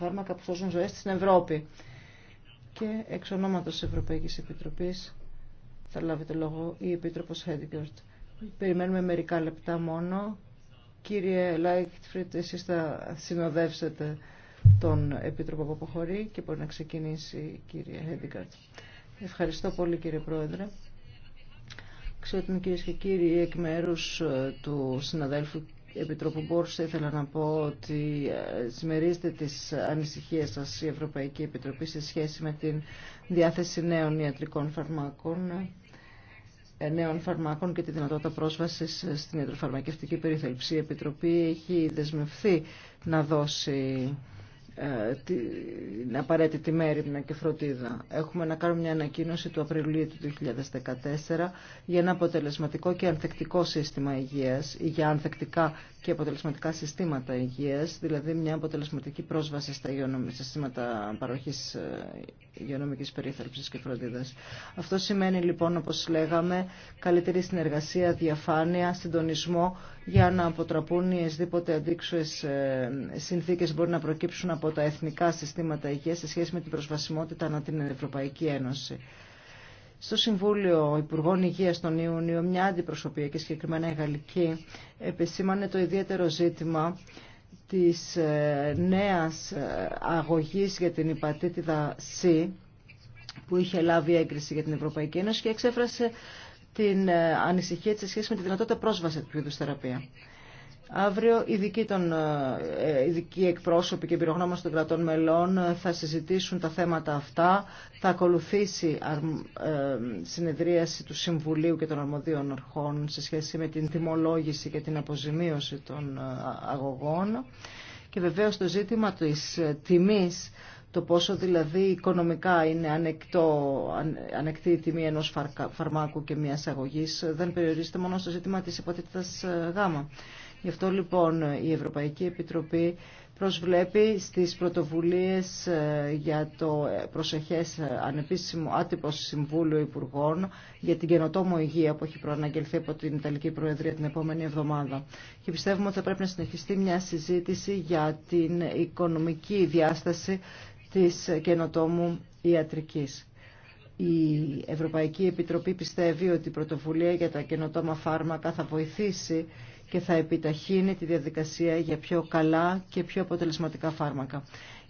φάρμακα που σώζουν ζωές στην Ευρώπη. Και εξ ονόματος της Ευρωπαϊκής Επιτροπής θα λάβετε το λόγο η Επίτροπος Χέντιγκορτ. Περιμένουμε μερικά λεπτά μόνο. Κύριε Λάιχτφριτ, εσείς θα συνοδεύσετε τον Επίτροπο που αποχωρεί και μπορεί να ξεκινήσει κύριε Χέντιγκορτ. Ευχαριστώ πολύ κύριε Πρόεδρε. Ξέρω ότι κυρίε και κύριοι εκ μέρου ε, του συναδέλφου Επιτροπού Μπόρς ήθελα να πω ότι ε, συμμερίζεται τις ανησυχίες σας η Ευρωπαϊκή Επιτροπή σε σχέση με την διάθεση νέων ιατρικών φαρμάκων ε, νέων φαρμάκων και τη δυνατότητα πρόσβασης στην ιατροφαρμακευτική περιθαλψή. Η Επιτροπή έχει δεσμευθεί να δώσει ε, την απαραίτητη μέρημνα και φροντίδα. Έχουμε να κάνουμε μια ανακοίνωση του Απριλίου του 2014 για ένα αποτελεσματικό και ανθεκτικό σύστημα υγείας, για ανθεκτικά και αποτελεσματικά συστήματα υγείας, δηλαδή μια αποτελεσματική πρόσβαση στα συστήματα παροχής ε, υγειονομικής περίθαλψης και φροντίδας. Αυτό σημαίνει λοιπόν, όπως λέγαμε, καλύτερη συνεργασία, διαφάνεια, συντονισμό για να αποτραπούν οι εσδήποτε αντίξουες ε, συνθήκες μπορεί να προκύψουν από τα εθνικά συστήματα υγείας σε σχέση με την προσβασιμότητα ανά την Ευρωπαϊκή Ένωση στο Συμβούλιο Υπουργών Υγείας τον Ιούνιο μια αντιπροσωπεία και συγκεκριμένα η Γαλλική επισήμανε το ιδιαίτερο ζήτημα της ε, νέας ε, αγωγής για την υπατήτηδα C που είχε λάβει έγκριση για την Ευρωπαϊκή Ένωση και εξέφρασε την ε, ανησυχία της σε σχέση με τη δυνατότητα πρόσβαση του είδους θεραπεία. Αύριο ειδικοί, των, ε, ε, ειδικοί εκπρόσωποι και πυρογνώμες των κρατών μελών ε, θα συζητήσουν τα θέματα αυτά. Θα ακολουθήσει συνεδρίαση του Συμβουλίου και των Αρμοδίων Αρχών σε σχέση με την τιμολόγηση και την αποζημίωση των αγωγών. Και βεβαίως το ζήτημα της τιμής, το πόσο δηλαδή οικονομικά είναι ανεκτό, ανεκτή η τιμή ενός φαρμάκου και μιας αγωγής, δεν περιορίζεται μόνο στο ζήτημα της υποτίθετας γάμα. Γι' αυτό λοιπόν η Ευρωπαϊκή Επιτροπή προσβλέπει στις πρωτοβουλίες ε, για το προσεχές ε, ανεπίσημο άτυπο Συμβούλιο Υπουργών για την καινοτόμο υγεία που έχει προαναγγελθεί από την Ιταλική Προεδρία την επόμενη εβδομάδα. Και πιστεύουμε ότι θα πρέπει να συνεχιστεί μια συζήτηση για την οικονομική διάσταση της καινοτόμου ιατρικής. Η Ευρωπαϊκή Επιτροπή πιστεύει ότι η πρωτοβουλία για τα καινοτόμα φάρμακα θα βοηθήσει και θα επιταχύνει τη διαδικασία για πιο καλά και πιο αποτελεσματικά φάρμακα.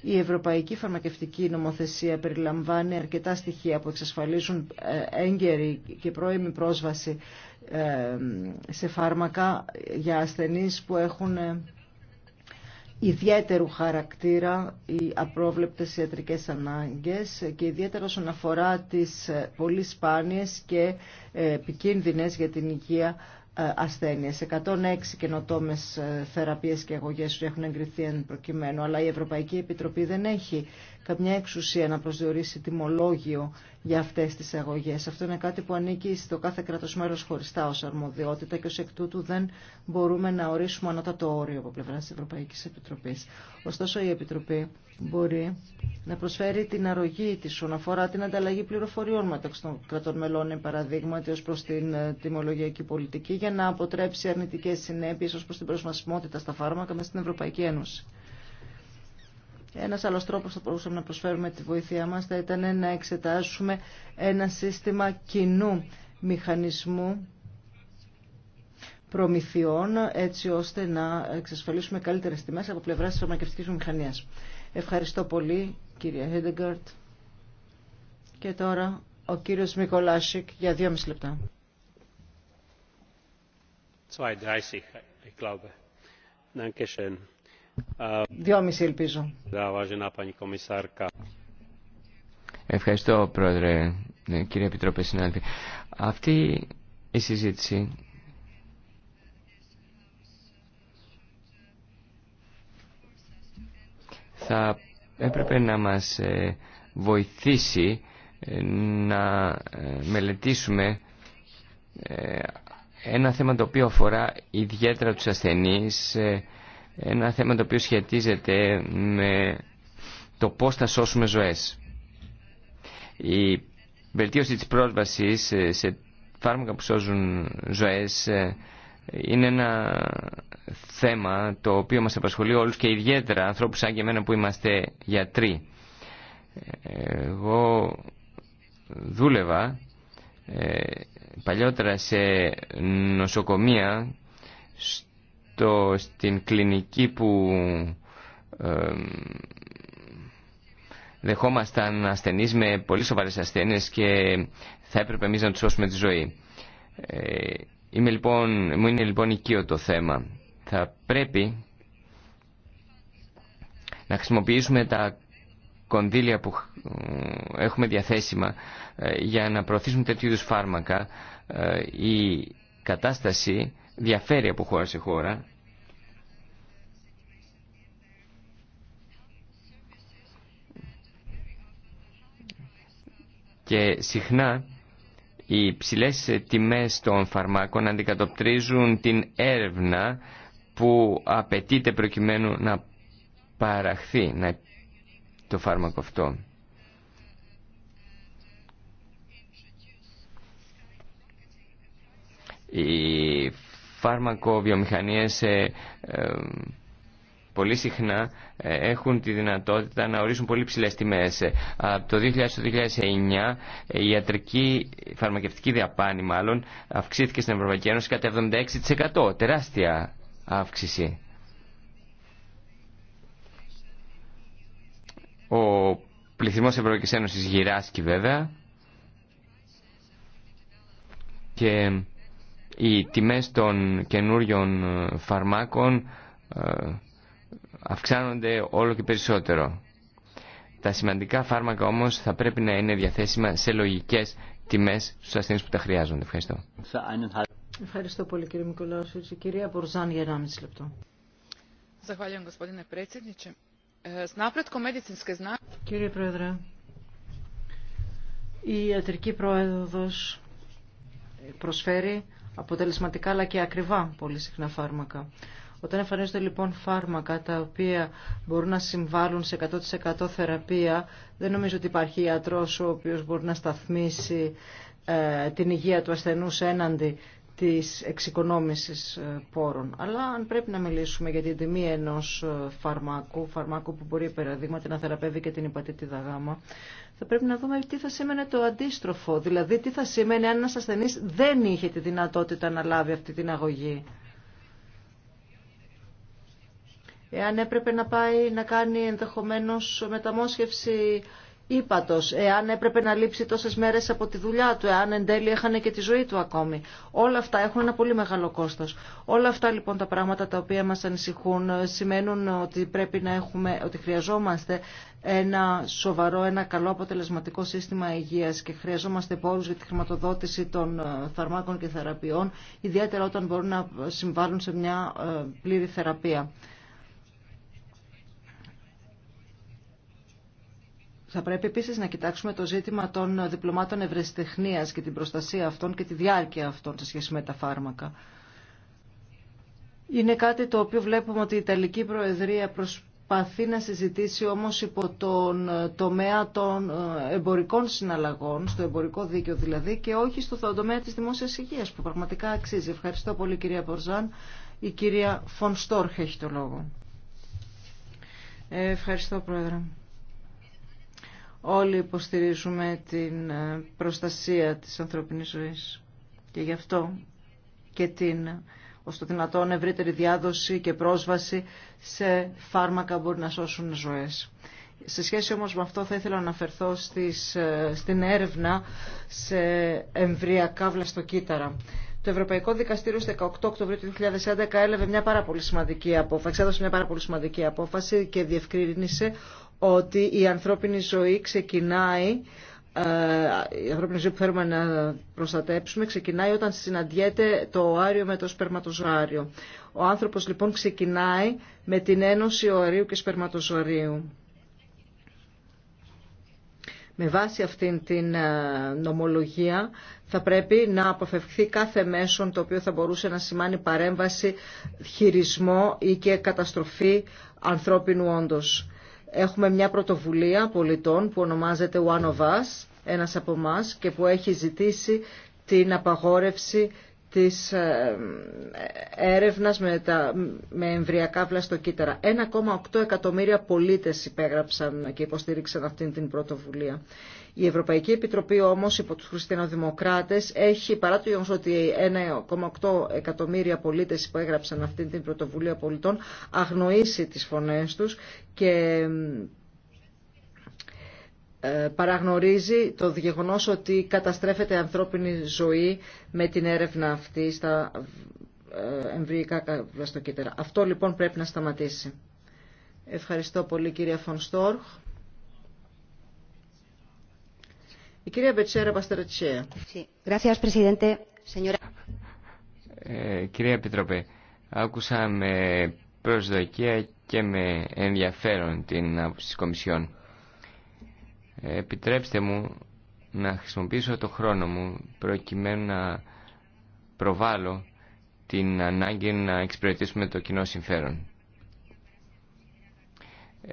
Η Ευρωπαϊκή Φαρμακευτική Νομοθεσία περιλαμβάνει αρκετά στοιχεία που εξασφαλίζουν ε, έγκαιρη και πρώιμη πρόσβαση ε, σε φάρμακα για ασθενείς που έχουν ε, ιδιαίτερου χαρακτήρα οι απρόβλεπτες ιατρικές ανάγκες και ιδιαίτερα όσον αφορά τις πολύ σπάνιες και επικίνδυνες για την υγεία ε, ασθένειες. 106 καινοτόμες ε, θεραπείες και αγωγές έχουν εγκριθεί εν προκειμένου, αλλά η Ευρωπαϊκή Επιτροπή δεν έχει καμιά εξουσία να προσδιορίσει τιμολόγιο για αυτές τις αγωγές. Αυτό είναι κάτι που ανήκει στο κάθε κράτος μέλος χωριστά ως αρμοδιότητα και ως εκ τούτου δεν μπορούμε να ορίσουμε ανώτατο όριο από πλευρά της Ευρωπαϊκής Επιτροπής. Ωστόσο η Επιτροπή μπορεί να προσφέρει την αρρωγή της όσον αφορά την ανταλλαγή πληροφοριών μεταξύ των κρατών μελών, παραδείγματι ως προς την ε, τιμολογιακή πολιτική για να αποτρέψει αρνητικές συνέπειες ως προς την προσβασιμότητα στα φάρμακα μέσα στην Ευρωπαϊκή Ένωση. Ένας άλλος τρόπος θα μπορούσαμε να προσφέρουμε τη βοήθειά μας θα ήταν να εξετάσουμε ένα σύστημα κοινού μηχανισμού προμηθειών έτσι ώστε να εξασφαλίσουμε καλύτερες τιμές από πλευρά της φαρμακευτικής μηχανίας. Ευχαριστώ πολύ κυρία Χέντεγκαρτ. Και τώρα ο κύριος Μικολάσικ για δύο μισή λεπτά. Äh, Ευχαριστώ πρόεδρε, ναι, κύριε Επιτρόπε συνάδελφοι. Αυτή η συζήτηση θα έπρεπε να μας ε, βοηθήσει ε, να ε, μελετήσουμε ένα θέμα το οποίο αφορά ιδιαίτερα τους ασθενείς, ε, ένα θέμα το οποίο σχετίζεται με το πώς θα σώσουμε ζωές. Η βελτίωση της πρόσβασης ε, σε φάρμακα που σώζουν ζωές ε, είναι ένα θέμα το οποίο μας απασχολεί όλους και ιδιαίτερα ανθρώπους σαν και εμένα που είμαστε γιατροί. Εγώ δούλευα ε, παλιότερα σε νοσοκομεία, στο, στην κλινική που ε, δεχόμασταν ασθενείς με πολύ σοβαρές ασθένειες και θα έπρεπε εμείς να τους σώσουμε τη ζωή. Ε, είμαι λοιπόν, μου είναι λοιπόν οικείο το θέμα. Θα πρέπει να χρησιμοποιήσουμε τα κονδύλια που ε, έχουμε διαθέσιμα ε, για να προωθήσουμε τέτοιου είδους φάρμακα, ε, η κατάσταση διαφέρει από χώρα σε χώρα. Και συχνά οι ψηλές τιμές των φαρμάκων αντικατοπτρίζουν την έρευνα που απαιτείται προκειμένου να παραχθεί, να το φάρμακο αυτό. Οι φάρμακοβιομηχανίες ε, ε πολύ συχνά ε, έχουν τη δυνατότητα να ορίσουν πολύ ψηλές τιμές. Ε, από το 2000 2009 η ιατρική φαρμακευτική διαπάνη μάλλον αυξήθηκε στην Ευρωπαϊκή Ένωση κατά 76%. Τεράστια αύξηση. Ο πληθυσμός της Ευρωπαϊκής Ένωσης γυράσκει βέβαια και οι τιμές των καινούριων φαρμάκων ε, αυξάνονται όλο και περισσότερο. Τα σημαντικά φάρμακα όμως θα πρέπει να είναι διαθέσιμα σε λογικές τιμές στους ασθενείς που τα χρειάζονται. Ευχαριστώ. Ευχαριστώ πολύ κύριε Μικολάου. Κυρία Μπορζάν για 1,5 λεπτό. Ε, Κύριε Πρόεδρε, η ιατρική πρόεδρος προσφέρει αποτελεσματικά αλλά και ακριβά πολύ συχνά φάρμακα. Όταν εμφανίζονται λοιπόν φάρμακα τα οποία μπορούν να συμβάλλουν σε 100% θεραπεία, δεν νομίζω ότι υπάρχει ιατρός ο οποίος μπορεί να σταθμίσει ε, την υγεία του ασθενούς έναντι της εξοικονόμησης ε, πόρων. Αλλά αν πρέπει να μιλήσουμε για την τιμή ενός ε, φαρμάκου, φαρμάκου που μπορεί παραδείγματι να θεραπεύει και την υπατήτηδα γάμα, θα πρέπει να δούμε τι θα σήμαινε το αντίστροφο. Δηλαδή τι θα σήμαινε αν ένας ασθενής δεν είχε τη δυνατότητα να λάβει αυτή την αγωγή. Εάν έπρεπε να πάει να κάνει ενδεχομένως μεταμόσχευση ύπατος, εάν έπρεπε να λείψει τόσες μέρες από τη δουλειά του, εάν εν τέλει έχανε και τη ζωή του ακόμη. Όλα αυτά έχουν ένα πολύ μεγάλο κόστος. Όλα αυτά λοιπόν τα πράγματα τα οποία μας ανησυχούν ε, σημαίνουν ότι πρέπει να έχουμε, ότι χρειαζόμαστε ένα σοβαρό, ένα καλό αποτελεσματικό σύστημα υγείας και χρειαζόμαστε πόρους για τη χρηματοδότηση των ε, φαρμάκων και θεραπείων, ιδιαίτερα όταν μπορούν να συμβάλλουν σε μια ε, πλήρη θεραπεία. Θα πρέπει επίσης να κοιτάξουμε το ζήτημα των διπλωμάτων ευρεσιτεχνίας και την προστασία αυτών και τη διάρκεια αυτών σε σχέση με τα φάρμακα. Είναι κάτι το οποίο βλέπουμε ότι η Ιταλική Προεδρία προσπαθεί να συζητήσει όμως υπό τον ε, τομέα των ε, εμπορικών συναλλαγών, στο εμπορικό δίκαιο δηλαδή και όχι στο τομέα της δημόσιας υγείας που πραγματικά αξίζει. Ευχαριστώ πολύ κυρία Πορζάν. Η κυρία Φων Στόρχ έχει το λόγο. Ε, ευχαριστώ Πρόεδρε όλοι υποστηρίζουμε την ε, προστασία της ανθρώπινης ζωής και γι' αυτό και την ως το δυνατόν ευρύτερη διάδοση και πρόσβαση σε φάρμακα μπορεί να σώσουν ζωές. Σε σχέση όμως με αυτό θα ήθελα να αναφερθώ στις, ε, στην έρευνα σε εμβριακά βλαστοκύτταρα. Το Ευρωπαϊκό Δικαστήριο στις 18 Οκτωβρίου του 2011 έλαβε μια πάρα πολύ σημαντική απόφαση, έδωσε μια πάρα πολύ σημαντική απόφαση και διευκρίνησε ότι η ανθρώπινη ζωή ξεκινάει ε, η ανθρώπινη ζωή που θέλουμε να προστατέψουμε ξεκινάει όταν συναντιέται το οάριο με το σπερματοζωάριο. Ο άνθρωπος λοιπόν ξεκινάει με την ένωση οαρίου και σπερματοζωαρίου. Με βάση αυτήν την ε, νομολογία θα πρέπει να αποφευχθεί κάθε μέσον το οποίο θα μπορούσε να σημάνει παρέμβαση, χειρισμό ή και καταστροφή ανθρώπινου όντως. Έχουμε μια πρωτοβουλία πολιτών που ονομάζεται One of Us, ένας από εμά και που έχει ζητήσει την απαγόρευση της ε, έρευνας με, τα, με εμβριακά βλαστοκύτταρα. 1,8 εκατομμύρια πολίτες υπέγραψαν και υποστήριξαν αυτήν την πρωτοβουλία. Η Ευρωπαϊκή Επιτροπή όμως υπό τους χριστιανοδημοκράτες έχει παρά το γεγονός ότι 1,8 εκατομμύρια πολίτες υπέγραψαν αυτή την πρωτοβουλία πολιτών αγνοήσει τις φωνές τους και ε, παραγνωρίζει το γεγονός ότι καταστρέφεται ανθρώπινη ζωή με την έρευνα αυτή στα ε, εμβρυϊκά βλαστοκύτταρα. Αυτό λοιπόν πρέπει να σταματήσει. Ευχαριστώ πολύ κυρία Φωνστόρχ. κυρία Μπετσέρα ε, κυρία Επιτροπέ, άκουσα με προσδοκία και με ενδιαφέρον την άποψη της Κομισιόν. Ε, επιτρέψτε μου να χρησιμοποιήσω το χρόνο μου προκειμένου να προβάλλω την ανάγκη να εξυπηρετήσουμε το κοινό συμφέρον.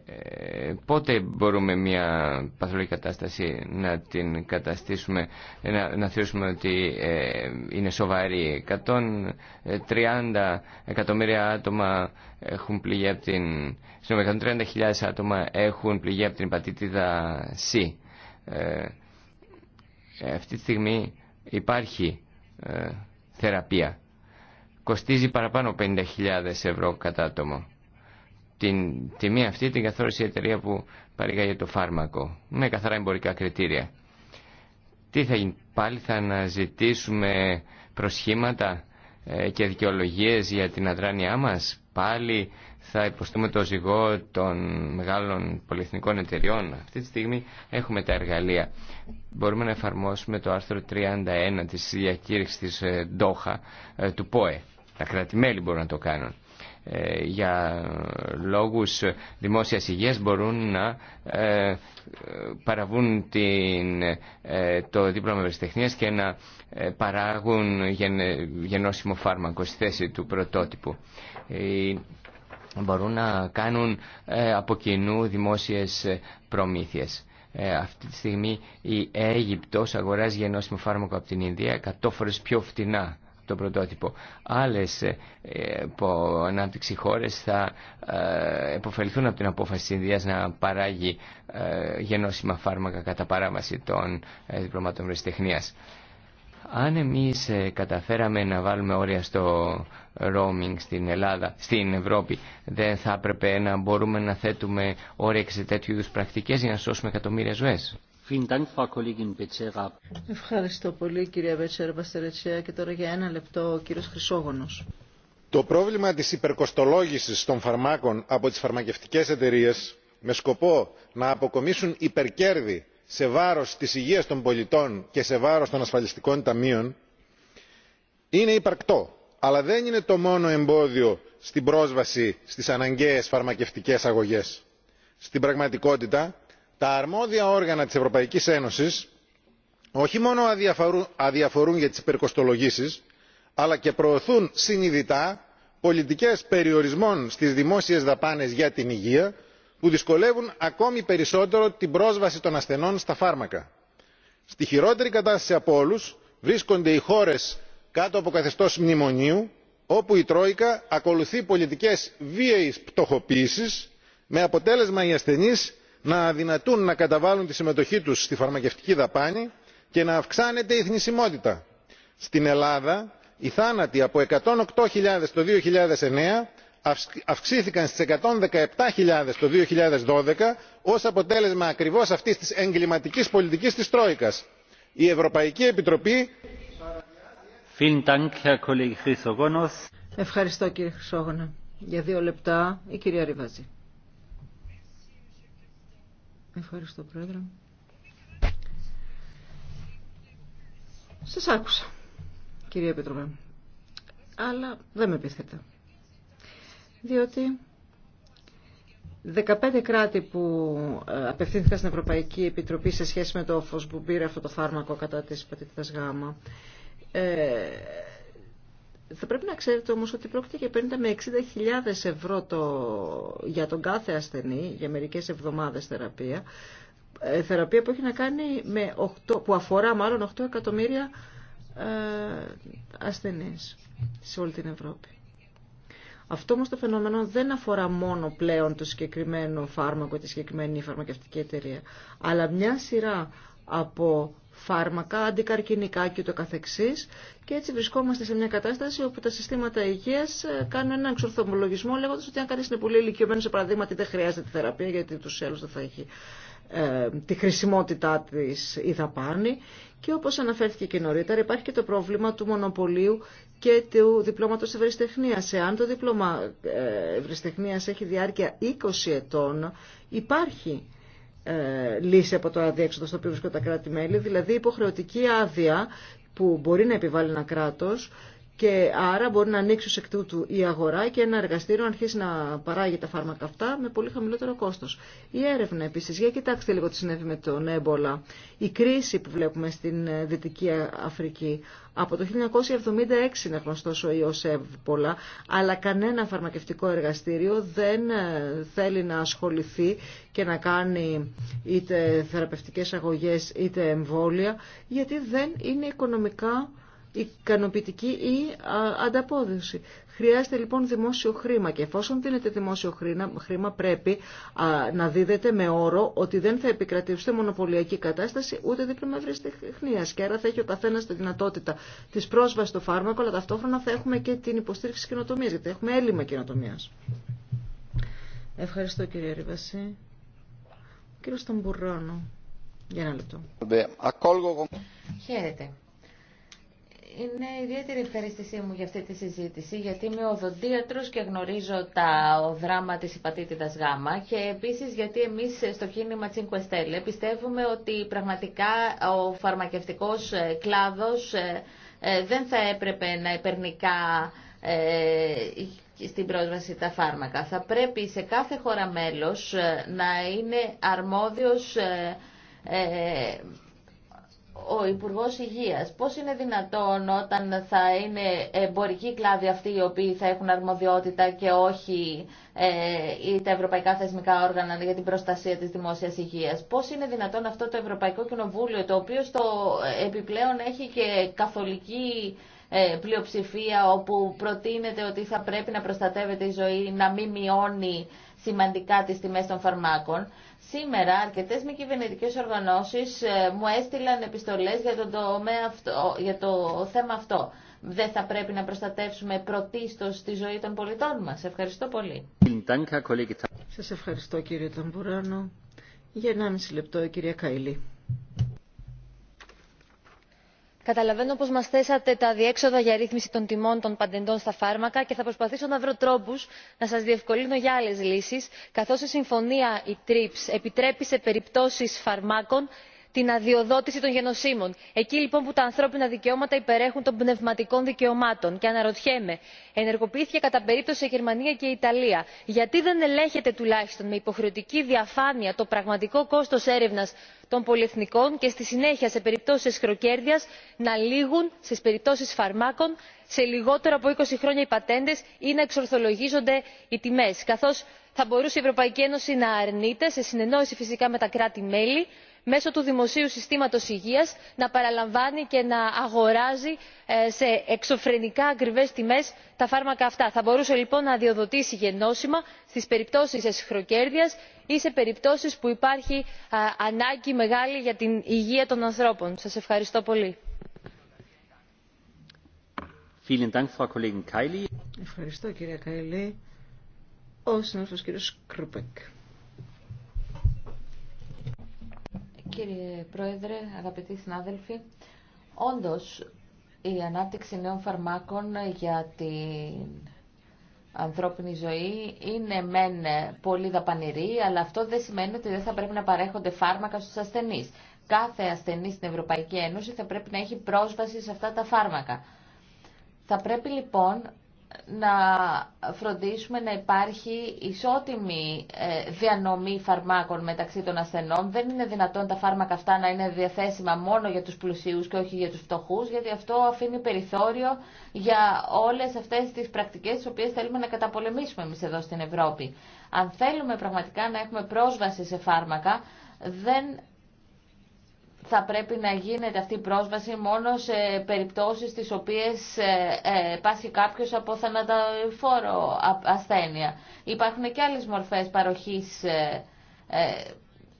Ε, πότε μπορούμε μια παθολογική κατάσταση να την καταστήσουμε, ε, να, να θεωρήσουμε ότι ε, είναι σοβαρή. 130 εκατομμύρια άτομα έχουν πληγεί από την... 130.000 άτομα έχουν πληγεί από την πατήτιδα C. Ε, αυτή τη στιγμή υπάρχει θεραπεία. Κοστίζει παραπάνω 50.000 ευρώ κατά άτομο την τιμή αυτή την καθόρισε η εταιρεία που παρήγαγε το φάρμακο με καθαρά εμπορικά κριτήρια. Τι θα γίνει, πάλι θα αναζητήσουμε προσχήματα ε, και δικαιολογίες για την αδράνειά μας. Πάλι θα υποστούμε το ζυγό των μεγάλων πολυεθνικών εταιριών. Αυτή τη στιγμή έχουμε τα εργαλεία. Μπορούμε να εφαρμόσουμε το άρθρο 31 της διακήρυξης της ε, Ντόχα ε, του ΠΟΕ. Τα κρατημέλη μπορούν να το κάνουν. Ε, για λόγους δημόσιας υγείας μπορούν να ε, παραβούν την, ε, το δίπλωμα ευρεσιτεχνίας και να παράγουν γενώσιμο φάρμακο στη θέση του πρωτότυπου. Μπορούν να κάνουν από κοινού δημόσιες προμήθειες. Αυτή τη στιγμή η Αίγυπτος αγοράζει γενώσιμο φάρμακο από την Ινδία 100 φορές πιο φτηνά το πρωτότυπο. Άλλες ε, ανάπτυξη χώρες θα ε, επωφεληθούν από την απόφαση της Ινδίας να παράγει ε, γενώσιμα φάρμακα κατά παράβαση των διπλωμάτων βρεσιτεχνίας. Αν εμείς καταφέραμε να βάλουμε όρια στο roaming στην Ελλάδα, στην Ευρώπη, δεν θα έπρεπε να μπορούμε να θέτουμε όρια σε τέτοιου είδους πρακτικές για να σώσουμε εκατομμύρια ζωέ. Ευχαριστώ πολύ κυρία Βέτσερα Μπαστερετσέα και τώρα για ένα λεπτό ο κύριος Χρυσόγονος. Το πρόβλημα της υπερκοστολόγησης των φαρμάκων από τις φαρμακευτικές εταιρείες με σκοπό να αποκομίσουν υπερκέρδη σε βάρος της υγείας των πολιτών και σε βάρος των ασφαλιστικών ταμείων είναι υπαρκτό αλλά δεν είναι το μόνο εμπόδιο στην πρόσβαση στις αναγκαίες φαρμακευτικές αγωγές. στην πραγματικότητα τα αρμόδια όργανα της ευρωπαϊκής ένωσης όχι μόνο αδιαφορούν για τις υπερκοστολογήσεις αλλά και προωθούν συνειδητά πολιτικές περιορισμών στις δημόσιες δαπάνες για την υγεία που δυσκολεύουν ακόμη περισσότερο την πρόσβαση των ασθενών στα φάρμακα. στη χειρότερη κατάσταση από όλους βρίσκονται οι χώρες κάτω από καθεστώς μνημονίου όπου η τρόικα ακολουθεί πολιτικές βίαιης πτωχοποίησης με αποτέλεσμα οι ασθενείς να αδυνατούν να καταβάλουν τη συμμετοχή τους στη φαρμακευτική δαπάνη και να αυξάνεται η θνησιμότητα. στην ελλάδα οι θάνατοι από 108.000 το 2009 αυξήθηκαν στις 117.000 το 2012 ως αποτέλεσμα ακριβώς αυτής της εγκληματικής πολιτικής της τρόικας. η ευρωπαϊκή επιτροπή Ευχαριστώ κύριε Χρυσόγωνα. Για δύο λεπτά η κυρία Ριβάζη. Ευχαριστώ, Πρόεδρε. Σας άκουσα, κυρία Επίτροπε. Αλλά δεν με πείθετε. Διότι 15 κράτη που ε, απευθύνθηκαν στην Ευρωπαϊκή Επιτροπή σε σχέση με το φως που πήρε αυτό το φάρμακο κατά της πατήτητας γάμα ε, θα πρέπει να ξέρετε όμως ότι πρόκειται και 50 με 60.000 ευρώ το, για τον κάθε ασθενή, για μερικές εβδομάδες θεραπεία. Ε, θεραπεία που έχει να κάνει με 8, που αφορά μάλλον 8 εκατομμύρια ε, ασθενείς σε όλη την Ευρώπη. Αυτό όμως το φαινόμενο δεν αφορά μόνο πλέον το συγκεκριμένο φάρμακο, τη συγκεκριμένη φαρμακευτική εταιρεία, αλλά μια σειρά από φάρμακα, αντικαρκυνικά και το καθεξής. Και έτσι βρισκόμαστε σε μια κατάσταση όπου τα συστήματα υγείας ε, κάνουν ένα εξορθομολογισμό λέγοντας ότι αν κανείς είναι πολύ ηλικιωμένος σε παραδείγματι δεν χρειάζεται τη θεραπεία γιατί τους άλλους δεν θα έχει ε, τη χρησιμότητά της η δαπάνη. Και όπως αναφέρθηκε και νωρίτερα υπάρχει και το πρόβλημα του μονοπωλίου και του διπλώματος ευρεσιτεχνίας. Εάν το διπλώμα ε, ευρεσιτεχνίας έχει διάρκεια 20 ετών υπάρχει ε, λύση από το αδιέξοδο στο οποίο βρίσκονται τα κράτη-μέλη, δηλαδή υποχρεωτική άδεια που μπορεί να επιβάλλει ένα κράτος και άρα μπορεί να ανοίξει ως εκ τούτου η αγορά και ένα εργαστήριο να αρχίσει να παράγει τα φάρμακα αυτά με πολύ χαμηλότερο κόστο. Η έρευνα επίση, για κοιτάξτε λίγο τι συνέβη με τον έμπολα. Η κρίση που βλέπουμε στην ε, Δυτική Αφρική. Από το 1976 είναι γνωστό ο ιό έμπολα, αλλά κανένα φαρμακευτικό εργαστήριο δεν ε, θέλει να ασχοληθεί και να κάνει είτε θεραπευτικέ αγωγέ, είτε εμβόλια, γιατί δεν είναι οικονομικά ικανοποιητική ή ανταπόδοση. Χρειάζεται λοιπόν δημόσιο χρήμα και εφόσον δίνεται δημόσιο χρήμα πρέπει να δίδεται με όρο ότι δεν θα επικρατήσει μονοπωλιακή κατάσταση ούτε διπλωμαύρη τεχνία. Και άρα θα έχει ο καθένα τη δυνατότητα τη πρόσβαση στο φάρμακο, αλλά ταυτόχρονα θα έχουμε και την υποστήριξη κοινοτομία, γιατί έχουμε έλλειμμα κοινοτομία. Ευχαριστώ κύριε Ρίβαση. Κύριο Σταμπουρρόνο, για ένα λεπτό. Χαίρετε είναι ιδιαίτερη ευχαριστησία μου για αυτή τη συζήτηση, γιατί είμαι οδοντίατρος και γνωρίζω τα δράμα της υπατήτητας γάμα και επίσης γιατί εμείς στο κίνημα Τσίνκου Στέλε πιστεύουμε ότι πραγματικά ο φαρμακευτικός ε, κλάδος ε, ε, δεν θα έπρεπε να υπερνικά στην πρόσβαση τα φάρμακα. Θα πρέπει σε κάθε χώρα μέλος να είναι αρμόδιος ο Υπουργό Υγεία. Πώ είναι δυνατόν όταν θα είναι εμπορικοί κλάδοι αυτοί οι οποίοι θα έχουν αρμοδιότητα και όχι ε, τα ευρωπαϊκά θεσμικά όργανα για την προστασία τη δημόσια υγεία. Πώ είναι δυνατόν αυτό το Ευρωπαϊκό Κοινοβούλιο, το οποίο στο ε, επιπλέον έχει και καθολική ε, πλειοψηφία όπου προτείνεται ότι θα πρέπει να προστατεύεται η ζωή, να μην μειώνει σημαντικά τις τιμές των φαρμάκων. Σήμερα αρκετέ μη κυβερνητικές οργανώσεις ε, μου έστειλαν επιστολέ για το, για το θέμα αυτό. Δεν θα πρέπει να προστατεύσουμε πρωτίστω τη ζωή των πολιτών μας. Ευχαριστώ πολύ. Σα ευχαριστώ κύριε Ταμπουράνο. Για 1,5 λεπτό η κυρία Καϊλή καταλαβαίνω πως μας θέσατε τα διέξοδα για ρύθμιση των τιμών των παντεντών στα φάρμακα και θα προσπαθήσω να βρω τρόπους να σας διευκολύνω για άλλες λύσεις καθώς η συμφωνία η trips επιτρέπει σε περιπτώσεις φαρμάκων την αδειοδότηση των γενοσύμων εκεί λοιπόν που τα ανθρώπινα δικαιώματα υπερέχουν των πνευματικών δικαιωμάτων και αναρωτιέμαι ενεργοποιήθηκε κατά περίπτωση η γερμανία και η ιταλία γιατί δεν ελέγχεται τουλάχιστον με υποχρεωτική διαφάνεια το πραγματικό κόστος έρευνας των πολυεθνικών και στη συνέχεια σε περιπτώσεις χροκέρδειας να λήγουν στις περιπτώσεις φαρμάκων σε λιγότερο από είκοσι χρόνια οι πατέντες ή να εξορθολογίζονται οι τιμές καθώς θα μπορούσε η ευρωπαϊκή ένωση να αρνείται σε συνεννόηση φυσικά με τα κράτη μέλη μέσω του δημοσίου συστήματος υγείας να παραλαμβάνει και να αγοράζει ε, σε εξωφρενικά ακριβές τιμές τα φάρμακα αυτά. θα μπορούσε λοιπόν να διοδοτήσει γενώσιμα στις περιπτώσεις αισχροκέρδειας ή σε περιπτώσεις που υπάρχει ε, ανάγκη μεγάλη για την υγεία των ανθρώπων. σας ευχαριστώ πολύ. κύριε Πρόεδρε, αγαπητοί συνάδελφοι. Όντως, η ανάπτυξη νέων φαρμάκων για την ανθρώπινη ζωή είναι μεν πολύ δαπανηρή, αλλά αυτό δεν σημαίνει ότι δεν θα πρέπει να παρέχονται φάρμακα στους ασθενείς. Κάθε ασθενή στην Ευρωπαϊκή Ένωση θα πρέπει να έχει πρόσβαση σε αυτά τα φάρμακα. Θα πρέπει λοιπόν να φροντίσουμε να υπάρχει ισότιμη ε, διανομή φαρμάκων μεταξύ των ασθενών. Δεν είναι δυνατόν τα φάρμακα αυτά να είναι διαθέσιμα μόνο για τους πλουσίους και όχι για τους φτωχούς, γιατί αυτό αφήνει περιθώριο για όλες αυτές τις πρακτικές τις οποίες θέλουμε να καταπολεμήσουμε εμείς εδώ στην Ευρώπη. Αν θέλουμε πραγματικά να έχουμε πρόσβαση σε φάρμακα, δεν θα πρέπει να γίνεται αυτή η πρόσβαση μόνο σε περιπτώσεις τις οποίες ε, ε πάσει κάποιος από θανατοφόρο ασθένεια. Υπάρχουν και άλλες μορφές παροχής ε, ε,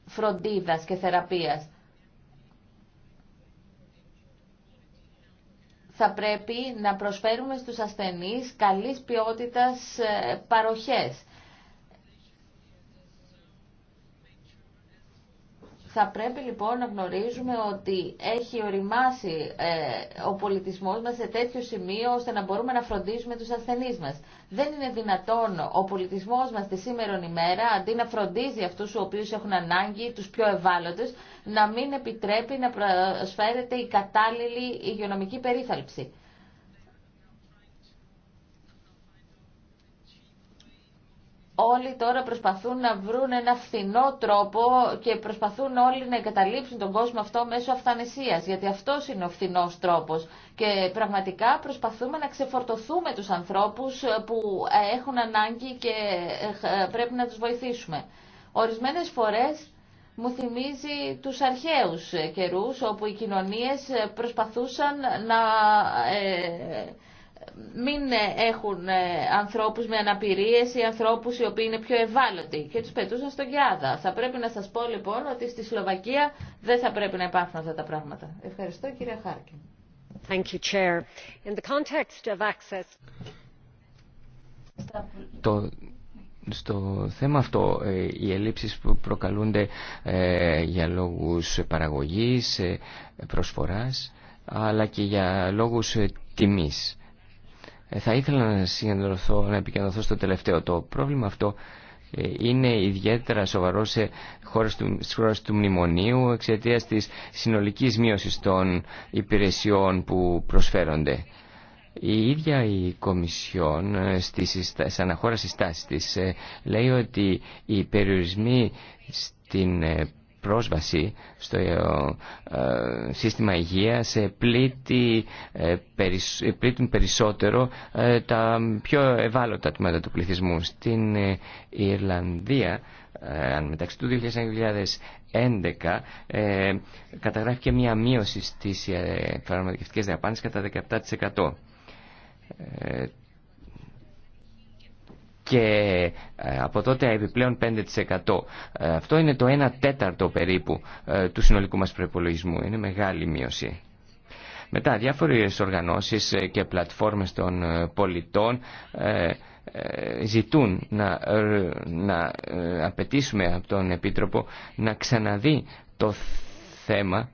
φροντίδας και θεραπείας. Θα πρέπει να προσφέρουμε στους ασθενείς καλής ποιότητας παροχές. Θα πρέπει λοιπόν να γνωρίζουμε ότι έχει οριμάσει ε, ο πολιτισμός μας σε τέτοιο σημείο ώστε να μπορούμε να φροντίζουμε τους ασθενείς μας. Δεν είναι δυνατόν ο πολιτισμός μας τη σήμερα ημέρα, αντί να φροντίζει αυτούς οι οποίους έχουν ανάγκη, τους πιο ευάλωτους, να μην επιτρέπει να προσφέρεται η κατάλληλη υγειονομική περίθαλψη. όλοι τώρα προσπαθούν να βρουν ένα φθηνό τρόπο και προσπαθούν όλοι να εγκαταλείψουν τον κόσμο αυτό μέσω αυθανεσίας, γιατί αυτός είναι ο φθηνός τρόπος. Και πραγματικά προσπαθούμε να ξεφορτωθούμε τους ανθρώπους που έχουν ανάγκη και ε, ε, πρέπει να τους βοηθήσουμε. Ορισμένες φορές μου θυμίζει τους αρχαίους καιρούς, όπου οι κοινωνίες προσπαθούσαν να... Ε, μην ε, έχουν ε, ανθρώπους με αναπηρίες ή ανθρώπους οι οποίοι είναι πιο ευάλωτοι και τους πετούσαν στον Κιάδα. Θα πρέπει να σας πω λοιπόν ότι στη Σλοβακία δεν θα πρέπει να υπάρχουν αυτά τα πράγματα. Ευχαριστώ κυρία Χάρκιν. Thank you, Chair. In the context of access... Το, στο θέμα αυτό ε, οι ελλείψεις που προκαλούνται ε, για λόγους παραγωγής, ε, προσφοράς αλλά και για λόγους τιμής. Ε, θα ήθελα να συγκεντρωθώ, να επικεντρωθώ στο τελευταίο. Το πρόβλημα αυτό ε, είναι ιδιαίτερα σοβαρό σε χώρες του, στις χώρες του μνημονίου εξαιτίας της συνολικής μείωσης των υπηρεσιών που προσφέρονται. Η ίδια η Κομισιόν ε, στις, αναχώρες αναχώρα συστάσεις της λέει ότι οι περιορισμοί στην πρόσβαση στο ε, ε, σύστημα υγείας πλήττει, πλήττουν ε, περισσότερο τα πιο ευάλωτα τμήματα του πληθυσμού. Στην Ιρλανδία αν μεταξύ του 2011 καταγράφηκε μια μείωση στις ε, φαρμακευτικές κατά 17% και ε, από τότε επιπλέον 5%. Ε, αυτό είναι το 1 τέταρτο περίπου ε, του συνολικού μας προπολογισμού. Είναι μεγάλη μείωση. Μετά, διάφορες οργανώσεις και πλατφόρμες των πολιτών ζητούν να, να απαιτήσουμε από τον Επίτροπο να ξαναδεί το θέμα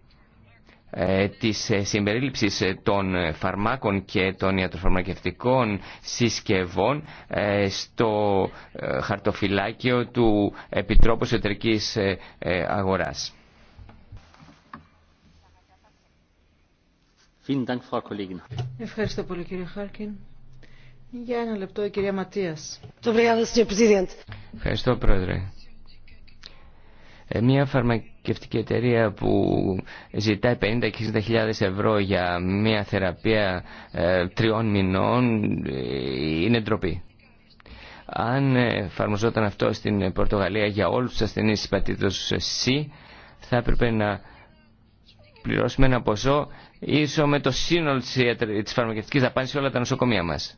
ε, της ε, συμπερίληψης ε, των φαρμάκων και των ιατροφαρμακευτικών συσκευών στο χαρτοφυλάκιο του Επιτρόπου Εσωτερικής Αγοράς. Ευχαριστώ πολύ κύριε Χάρκιν. Για ένα λεπτό η κυρία Ματίας. Ευχαριστώ πρόεδρε. Ε, μια φαρμακευτική εταιρεία που ζητάει 50 60 ευρώ για μια θεραπεία ε, τριών μηνών ε, είναι ντροπή. Αν εφαρμοζόταν αυτό στην Πορτογαλία για όλους τους ασθενείς τη C θα έπρεπε να πληρώσουμε ένα ποσό ίσο με το σύνολο της φαρμακευτικής δαπάνη σε όλα τα νοσοκομεία μας.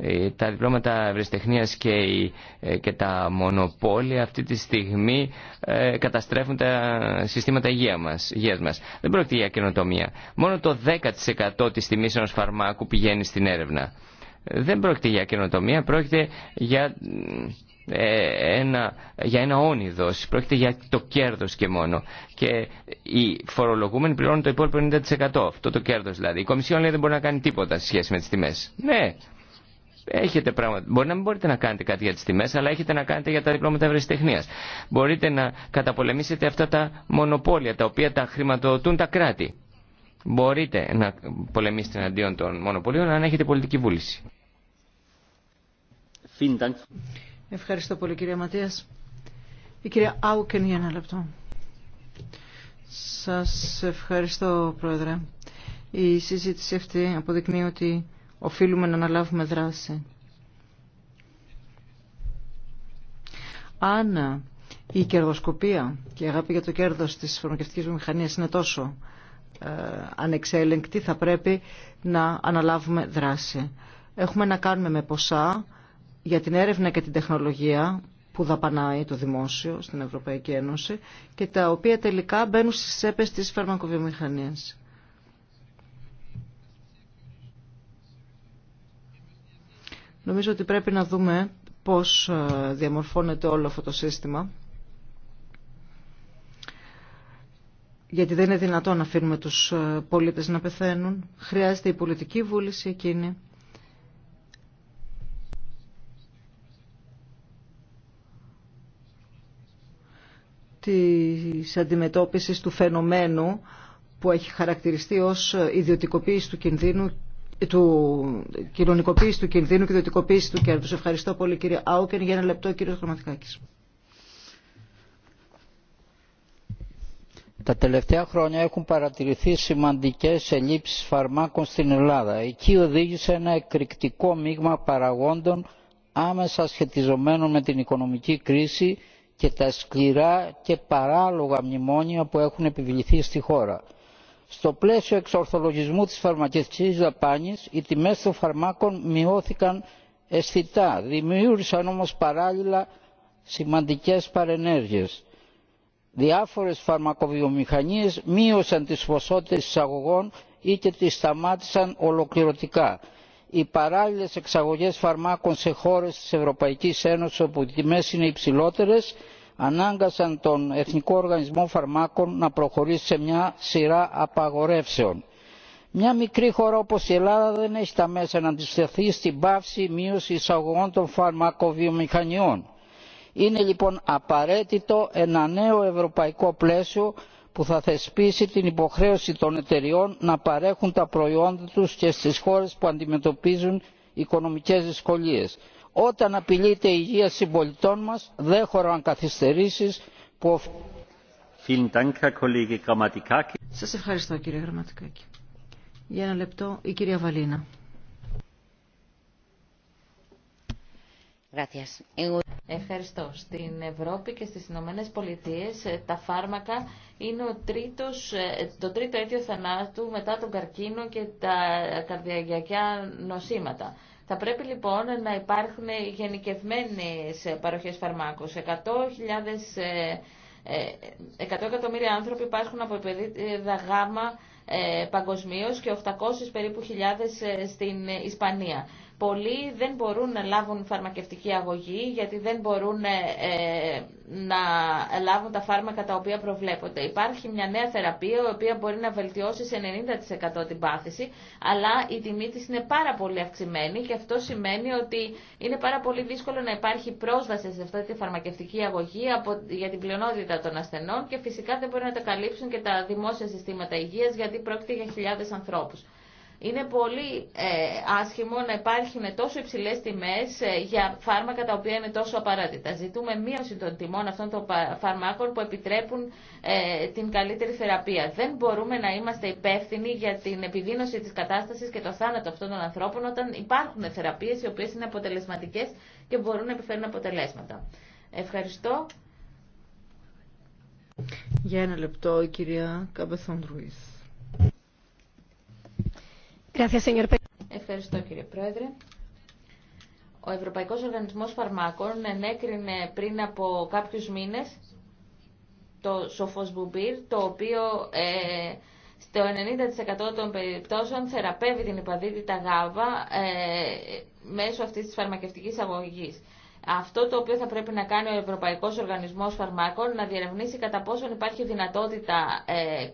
Ε, τα διπλώματα ευρεσιτεχνίας και, η, ε, και τα μονοπόλια αυτή τη στιγμή ε, καταστρέφουν τα συστήματα υγεία μας, υγείας μας. Δεν πρόκειται για καινοτομία. Μόνο το 10% της τιμής ενός φαρμάκου πηγαίνει στην έρευνα. Δεν πρόκειται για καινοτομία, πρόκειται για, ένα, για ένα πρόκειται για το κέρδος και μόνο. Και οι φορολογούμενοι πληρώνουν το υπόλοιπο 90%. Αυτό το κέρδος δηλαδή. Η Κομισιόν λέει δεν μπορεί να κάνει τίποτα σε σχέση με τις τιμές. Ναι, έχετε πράγματα. Μπορεί να μην μπορείτε να κάνετε κάτι για τις τιμές, αλλά έχετε να κάνετε για τα διπλώματα ευρεσιτεχνία. Μπορείτε να καταπολεμήσετε αυτά τα μονοπόλια τα οποία τα χρηματοδοτούν τα κράτη. Μπορείτε να πολεμήσετε αντίον των μονοπωλίων αν έχετε πολιτική βούληση. Ευχαριστώ πολύ κυρία Ματίας. Η κυρία Άουκεν για ένα λεπτό. Σας ευχαριστώ πρόεδρε. Η συζήτηση αυτή αποδεικνύει ότι οφείλουμε να αναλάβουμε δράση. Αν η κερδοσκοπία και η αγάπη για το κέρδος της φαρμακευτικής βιομηχανίας είναι τόσο ε, ανεξέλεγκτη, θα πρέπει να αναλάβουμε δράση. Έχουμε να κάνουμε με ποσά για την έρευνα και την τεχνολογία που δαπανάει το δημόσιο στην Ευρωπαϊκή Ένωση και τα οποία τελικά μπαίνουν στις έπες της φαρμακοβιομηχανίας. Νομίζω ότι πρέπει να δούμε πώς ε, διαμορφώνεται όλο αυτό το σύστημα. Γιατί δεν είναι δυνατόν να αφήνουμε τους ε, πολίτες να πεθαίνουν. Χρειάζεται η πολιτική βούληση εκείνη. της αντιμετώπισης του φαινομένου που έχει χαρακτηριστεί ως ιδιωτικοποίηση του κινδύνου του κοινωνικοποίηση του κινδύνου και ιδιωτικοποίηση του κέρδου. Ευχαριστώ πολύ κύριε Άουκεν. Για ένα λεπτό κύριο Χρωματικάκης. Τα τελευταία χρόνια έχουν παρατηρηθεί σημαντικές ελλείψεις φαρμάκων στην Ελλάδα. Εκεί οδήγησε ένα εκρηκτικό μείγμα παραγόντων άμεσα σχετιζομένων με την οικονομική κρίση και τα σκληρά και παράλογα μνημόνια που έχουν επιβληθεί στη χώρα στο πλαίσιο εξορθολογισμού της φαρμακευτικής δαπάνης οι τιμές των φαρμάκων μειώθηκαν αισθητά δημιούργησαν όμως παράλληλα σημαντικές παρενέργειες. διάφορες φαρμακοβιομηχανίες μείωσαν τις ποσότητες εισαγωγών ή και τις σταμάτησαν ολοκληρωτικά. οι παράλληλες εξαγωγές φαρμάκων σε χώρες της ευρωπαϊκής ένωσης όπου οι τιμές είναι υψηλότερες ανάγκασαν τον Εθνικό Οργανισμό Φαρμάκων να προχωρήσει σε μια σειρά απαγορεύσεων. Μια μικρή χώρα όπως η Ελλάδα δεν έχει τα μέσα να αντισταθεί στην πάυση μείωση εισαγωγών των φαρμακοβιομηχανιών. Είναι λοιπόν απαραίτητο ένα νέο ευρωπαϊκό πλαίσιο που θα θεσπίσει την υποχρέωση των εταιριών να παρέχουν τα προϊόντα τους και στις χώρες που αντιμετωπίζουν οικονομικές δυσκολίες όταν απειλείται η υγεία συμπολιτών μας δεν να καθυστερήσεις που Σας ευχαριστώ κύριε Γραμματικάκη. Για ένα λεπτό η κυρία Βαλίνα. Ευχαριστώ. Στην Ευρώπη και στις Ηνωμένε Πολιτείε ε, τα φάρμακα είναι ε, το τρίτο αίτιο θανάτου μετά τον καρκίνο και τα καρδιακιά νοσήματα. Θα πρέπει λοιπόν να υπάρχουν γενικευμένες παροχές φαρμάκων. 100 ε, ε, εκατομμύρια άνθρωποι υπάρχουν από επίπεδα γάμα ε, παγκοσμίω και 800 περίπου χιλιάδες στην Ισπανία. Πολλοί δεν μπορούν να λάβουν φαρμακευτική αγωγή γιατί δεν μπορούν ε, ε, να λάβουν τα φάρμακα τα οποία προβλέπονται. Υπάρχει μια νέα θεραπεία η οποία μπορεί να βελτιώσει σε 90% την πάθηση αλλά η τιμή της είναι πάρα πολύ αυξημένη και αυτό σημαίνει ότι είναι πάρα πολύ δύσκολο να υπάρχει πρόσβαση σε αυτή τη φαρμακευτική αγωγή από, για την πλειονότητα των ασθενών και φυσικά δεν μπορεί να τα καλύψουν και τα δημόσια συστήματα υγείας γιατί πρόκειται για χιλιάδες ανθρώπους. Είναι πολύ ε, άσχημο να υπάρχουν τόσο υψηλέ τιμέ ε, για φάρμακα τα οποία είναι τόσο απαραίτητα. Ζητούμε μείωση των τιμών αυτών των φαρμάκων που επιτρέπουν ε, την καλύτερη θεραπεία. Δεν μπορούμε να είμαστε υπεύθυνοι για την επιδείνωση τη κατάσταση και το θάνατο αυτών των ανθρώπων όταν υπάρχουν θεραπείε οι οποίε είναι αποτελεσματικέ και μπορούν να επιφέρουν αποτελέσματα. Ευχαριστώ. Για ένα λεπτό, κυρία Καμπεθόν Ευχαριστώ κύριε Πρόεδρε. Ο Ευρωπαϊκός Οργανισμός Φαρμάκων ενέκρινε πριν από κάποιους μήνες το σοφοσμπουμπίρ, το οποίο ε, στο 90% των περιπτώσεων θεραπεύει την υπαδίτητα γάβα ε, μέσω αυτής της φαρμακευτικής αγωγής. Αυτό το οποίο θα πρέπει να κάνει ο Ευρωπαϊκός Οργανισμός Φαρμάκων να διερευνήσει κατά πόσον υπάρχει δυνατότητα ε,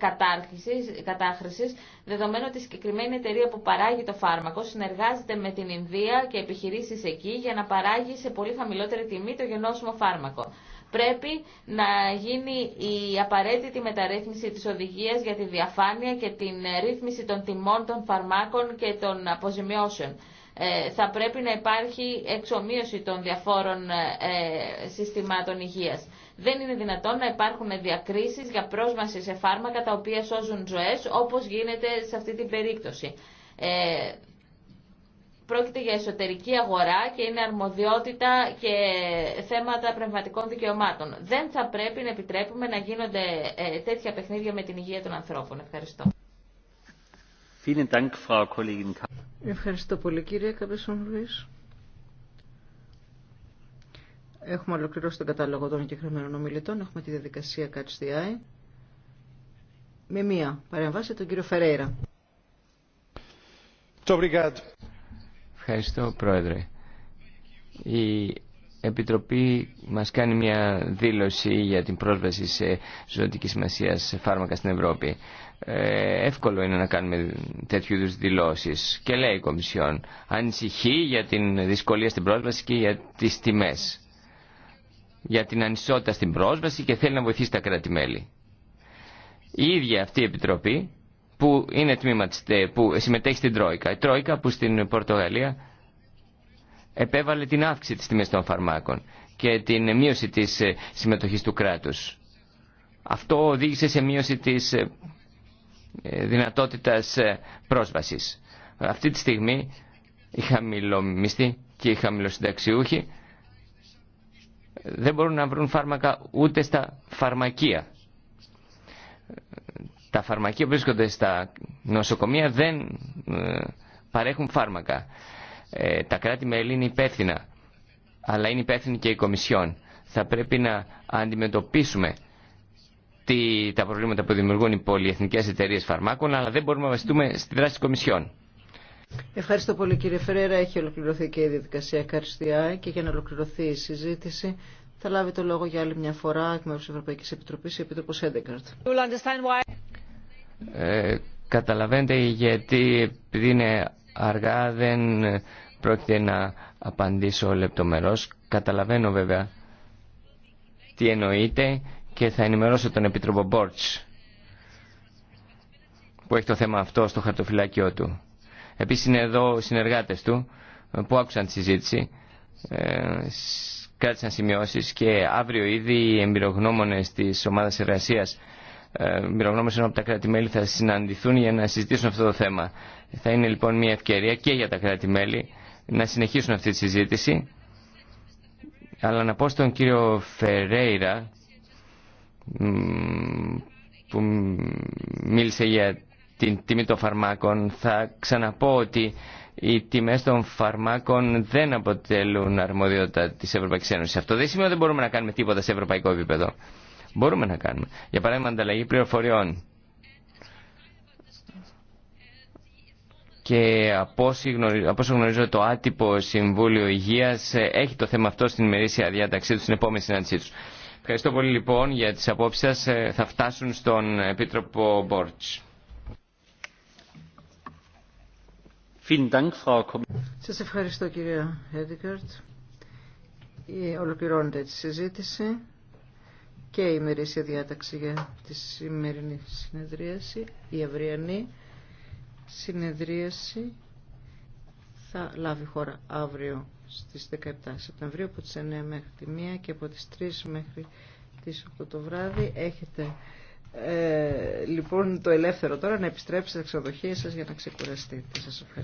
κατάχρησης, δεδομένου ότι η συγκεκριμένη εταιρεία που παράγει το φάρμακο συνεργάζεται με την Ινδία και επιχειρήσεις εκεί για να παράγει σε πολύ χαμηλότερη τιμή το γενώσιμο φάρμακο. Πρέπει να γίνει η απαραίτητη μεταρρύθμιση της οδηγίας για τη διαφάνεια και την ρύθμιση των τιμών των φαρμάκων και των αποζημιώσεων. Ε, θα πρέπει να υπάρχει εξομοίωση των διαφόρων ε, ε, συστημάτων υγείας. Δεν είναι δυνατόν να υπάρχουν διακρίσεις για πρόσβαση σε φάρμακα τα οποία σώζουν ζωές, όπως γίνεται σε αυτή την περίπτωση. Ε, πρόκειται για εσωτερική αγορά και είναι αρμοδιότητα και θέματα πνευματικών δικαιωμάτων. Δεν θα πρέπει να επιτρέπουμε να γίνονται τέτοια παιχνίδια με την υγεία των ανθρώπων. Ευχαριστώ. Ευχαριστώ πολύ κύριε Καπέσον Ρουίς. Έχουμε ολοκληρώσει τον κατάλογο των εγκεκριμένων ομιλητών. Έχουμε τη διαδικασία Catch the Eye. Με μία παρεμβάση τον κύριο Φερέιρα. Ευχαριστώ πρόεδρε. Η Επιτροπή μας κάνει μια δήλωση για την πρόσβαση σε ζωτική σημασία σε φάρμακα στην Ευρώπη. Ε, εύκολο είναι να κάνουμε τέτοιου είδου δηλώσεις. Και λέει η Κομισιόν, ανησυχεί για την δυσκολία στην πρόσβαση και για τις τιμές. Για την ανισότητα στην πρόσβαση και θέλει να βοηθήσει τα κράτη-μέλη. Η ίδια αυτή η Επιτροπή που, είναι που συμμετέχει στην Τρόικα. Η Τρόικα που στην Πορτογαλία επέβαλε την αύξηση της τιμής των φαρμάκων και την μείωση της ε, συμμετοχής του κράτους. Αυτό οδήγησε σε μείωση της ε, ε, δυνατότητας πρόσβασης. Αυτή τη στιγμή οι χαμηλομισθοί και οι χαμηλοσυνταξιούχοι δεν μπορούν να βρουν φάρμακα ούτε στα φαρμακεία. Τα φαρμακεία που βρίσκονται στα νοσοκομεία δεν παρέχουν φάρμακα. Ε, τα κράτη-μέλη είναι υπεύθυνα, αλλά είναι υπεύθυνη και η Κομισιόν. Θα πρέπει να αντιμετωπίσουμε τι, τα προβλήματα που δημιουργούν οι πολυεθνικές εταιρείε φαρμάκων, αλλά δεν μπορούμε να βασιστούμε στη δράση της Κομισιόν. Ευχαριστώ πολύ κύριε Φερέρα. Έχει ολοκληρωθεί και η διαδικασία Καριστιά και για να ολοκληρωθεί η συζήτηση θα λάβει το λόγο για άλλη μια φορά εκ μέρους της Ευρωπαϊκής Επιτροπής η Επίτροπος Έντεκαρτ. Ε, καταλαβαίνετε γιατί επειδή είναι αργά δεν πρόκειται να απαντήσω λεπτομερώς. Καταλαβαίνω βέβαια τι εννοείται και θα ενημερώσω τον Επίτροπο Μπόρτς που έχει το θέμα αυτό στο χαρτοφυλάκιό του. Επίσης είναι εδώ οι συνεργάτες του που άκουσαν τη συζήτηση, ε, κράτησαν σημειώσεις και αύριο ήδη οι εμπειρογνώμονες της ομάδας εργασίας ε, εμπειρογνώμες από τα κράτη-μέλη θα συναντηθούν για να συζητήσουν αυτό το θέμα. Θα είναι λοιπόν μια ευκαιρία και για τα κράτη-μέλη να συνεχίσουν αυτή τη συζήτηση. Αλλά να πω στον κύριο Φερέιρα που μίλησε για την τιμή των φαρμάκων θα ξαναπώ ότι οι τιμές των φαρμάκων δεν αποτελούν αρμοδιότητα της Ευρωπαϊκής Ένωσης. Αυτό δεν σημαίνει ότι δεν μπορούμε να κάνουμε τίποτα σε ευρωπαϊκό επίπεδο. Μπορούμε να κάνουμε. Για παράδειγμα, ανταλλαγή πληροφοριών και από όσο γνωρίζω το άτυπο Συμβούλιο Υγείας ε, έχει το θέμα αυτό στην ημερήσια διάταξή του στην επόμενη συνάντησή του. Ευχαριστώ πολύ λοιπόν για τις απόψεις σας. Ε, θα φτάσουν στον Επίτροπο Μπόρτς. Σας ευχαριστώ κυρία Έδικαρτ. Ολοκληρώνεται τη συζήτηση και η ημερήσια διάταξη για τη σημερινή συνεδρίαση, η αυριανή συνεδρίαση θα λάβει χώρα αύριο στις 17 Σεπτεμβρίου από τις 9 μέχρι τη 1 και από τις 3 μέχρι τις 8 το βράδυ. Έχετε ε, λοιπόν το ελεύθερο τώρα να επιστρέψετε στα ξενοδοχεία σας για να ξεκουραστείτε. Σας ευχαριστώ.